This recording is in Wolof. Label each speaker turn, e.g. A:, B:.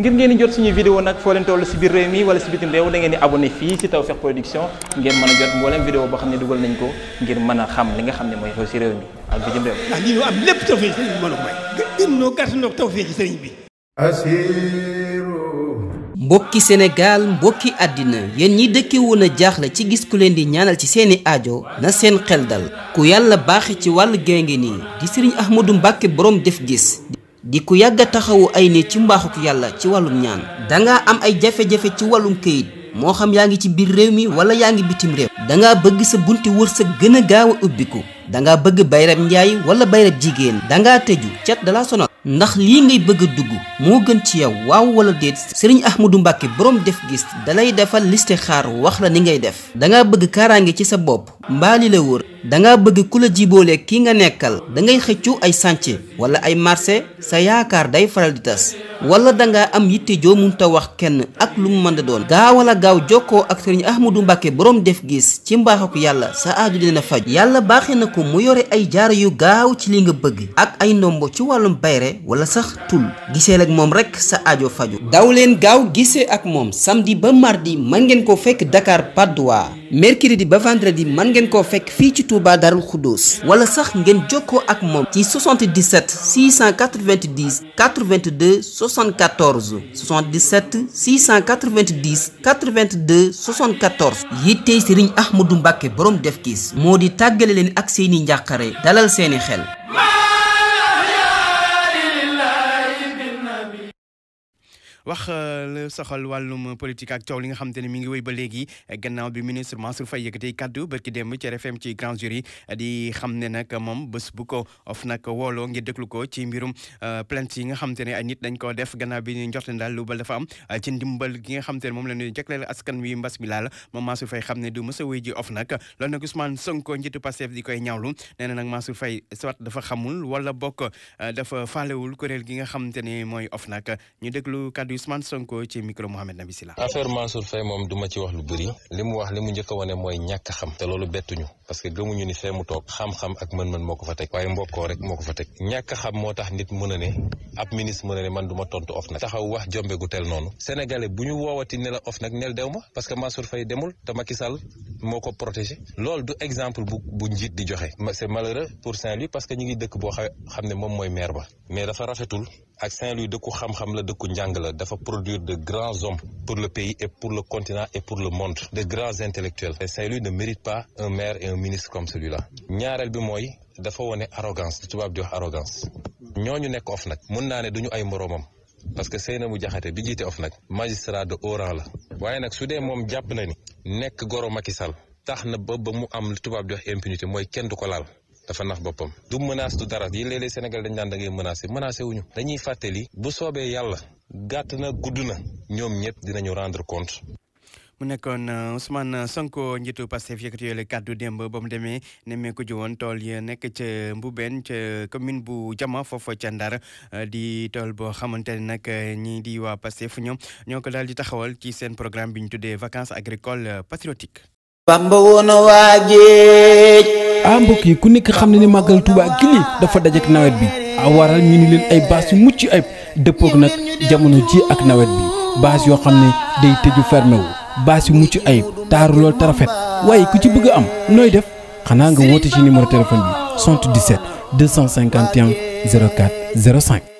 A: ngir ngeen di jot suñu vidéo nag foo leen toll si biir réew mi wala si bitim réew da ngeen di abonné fii si Tawfekh Production ngeen mën a jot mboolem boo xam ne dugal nañ ko ngir mën a xam li nga xam ne mooy xew si réew mi am lépp tawfeex sëriñ bi
B: mën a may. gën noo gàtt noo tawfeex sëriñ bi. mbokki Sénégal mbokki àddina yéen ñi dëkkee woon a jaaxle ci gis ku leen di ñaanal ci seeni aajo na seen xel dal ku yàlla baaxi ci wàllu genge nii di sëriñ Ahmadou Mbacke boroom def gis di ku yàgg a taxawu ay nit ci mbaaxuk yàlla ci wàllum ñaan dangaa am ay jafe-jafe ci wàllum këyit moo xam yaa ngi ci biir réew mi wala yaa ngi bitim réew dangaa bëgg sa bunti wërsëg gën a gaaw a ubbiku danga bëgg bayrab njaay wala bayrab jigéen danga tëju cat dala sonal ndax lii ngay bëgg a dugg moo gën ci yow waaw wala déet sëriñ Ahmadou Mbàkke borom def gis dalay defal listixaar wax la ni ngay def danga bëgg kaaraange ci sa bopp mbaali la wër danga bëgg ku la jiboole ki nga nekkal dangay xëccu ay sànce wala ay marché sa yaakaar day faral di tas wala danga am yitte joo munta wax kenn ak lu mu mën a doon gaaw wala gaaw jokkoo ak sëriñ Ahmadou Mbàkke borom def gis ci mbaaxu yàlla sa aaju dina faj yàlla baaxee na ko mu yore ay jaaro yu gaaw ci li nga bëgg ak ay ndombo ci wàllum bayre wala sax tul giseel ak moom rek sa aajo faju daw leen gaaw gisee ak moom samedi ba mardi mën ngeen ko fekk Dakar Patte mercredi ba vendredi mën ngeen koo fekk fii ci Touba Darou Khoudoss wala sax ngeen jokkoo ak moom ci 77 690 82 74 77 690 82 74 yittey Serigne Ahmadou Mbacke borom def kiis moo di tàggale leen ak seeni njàqare dalal seeni xel.
C: wax euh, la soxal wàllum politique ak coow li nga xam te ne mi ngi wéy ba léegi gannaaw bi ministre Mansour Faye yëkkati kàddu barki démb ci RFM ci grand jury di xam ne nag moom bés bu ko nag wooloo ngir déglu ko ci mbirum euh, plainte yi nga xam te ne nit dañ koo def gannaaw bi njorte daal lu bal dafa am euh, ci ndimbal gi nga xam te ne moom la ñuy jagleel askan wi mbas mi laal moom Mansour Faye xam ne du a wéy ji of nag loolu nag Ousmane Sonko njiitu Pastef di koy ñaawlu nee na nag Mansour Faye soit dafa xamul wala bokk dafa faalewul kuréel gi nga xam te mooy of nag ñu déglu kàddu kàddu Ousmane Sonko ci micro Mohamed Nabi Sila. affaire
A: Mansour Faye moom du ma ci wax lu bëri li mu wax li mu njëkk a wane mooy ñàkk xam te loolu bettuñu parce que gëmuñu ni fee mu toog xam-xam ak mën-mën moo ko fa teg waaye mbokkoo rek moo ko fa teg ñàkk xam moo tax nit mën a ne ab ministre mën a ne man du ma tontu of nag taxaw wax jombe gu tel noonu sénégalais bu ñu woowati ne la of nag nel dew ma parce que Mansour Faye demul te Macky Sall moo ko protégé loolu du exemple bu bu njiit di joxe c'est malheureux mooy maire ak Saint-Louis dëkku xam-xam la dëkku njàng la dafa produire de grands hommes pour le pays et pour le continent et pour le monde de grands intellectuels et Saint-Louis ne mérite pas un maire et un ministre comme celui-là ñaareel bi mooy dafa wone arrogance tubaab di wax arrogance ñooñu nekk of nag mun naa ne duñu ay moroomam parce que Seynabou Diakhaté bi jiite of nag magistrat de haut la waaye nag su dee moom jàpp na ni nekk goro Macky Sall tax na ba ba mu am tubaab di wax mooy kenn du ko laal dafa nax boppam du menace du dara yi léeg-léeg Sénégal dañ daan da ngay menacé menacé wuñu dañuy fàttali bu soobee yàlla gàtt na gudd na ñoom ñëpp dinañu rendre compte
C: mu nekkoon euh, Ousmane Sonko njiitu Pastef yëkkati yooyu la kàddu démb ba mu demee nemmeeku ji woon tool yi nekk ca Mboubeen ca commune bu Jama foofa ca Ndar euh, di tool boo xamante ne nag euh, ñii di waa Pastef ñoom ñoo ko daal di taxawal ci seen programme bi ñu tuddee vacances agricoles patriotiques.
A: Bamba woon a waa géej ah mbokk yi ku nekk xam ne ni màggal Touba gi lii dafa dajek nawet bi a ah, waral ñu ni leen ay baas yu mucc ayib dëppook nag jamono ji ak nawet bi baas yoo xam ne day tëju fermé wu baas yu mucc ayib taaru lool tarafet waaye ku ci bëgg a am nooy def xanaa nga woote ci numéro téléphone bi 77 251 04 05